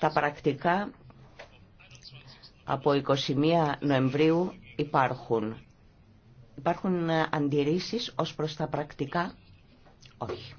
Τα πρακτικά από 21 Νοεμβρίου υπάρχουν. Υπάρχουν αντιρρήσεις ως προς τα πρακτικά. Όχι.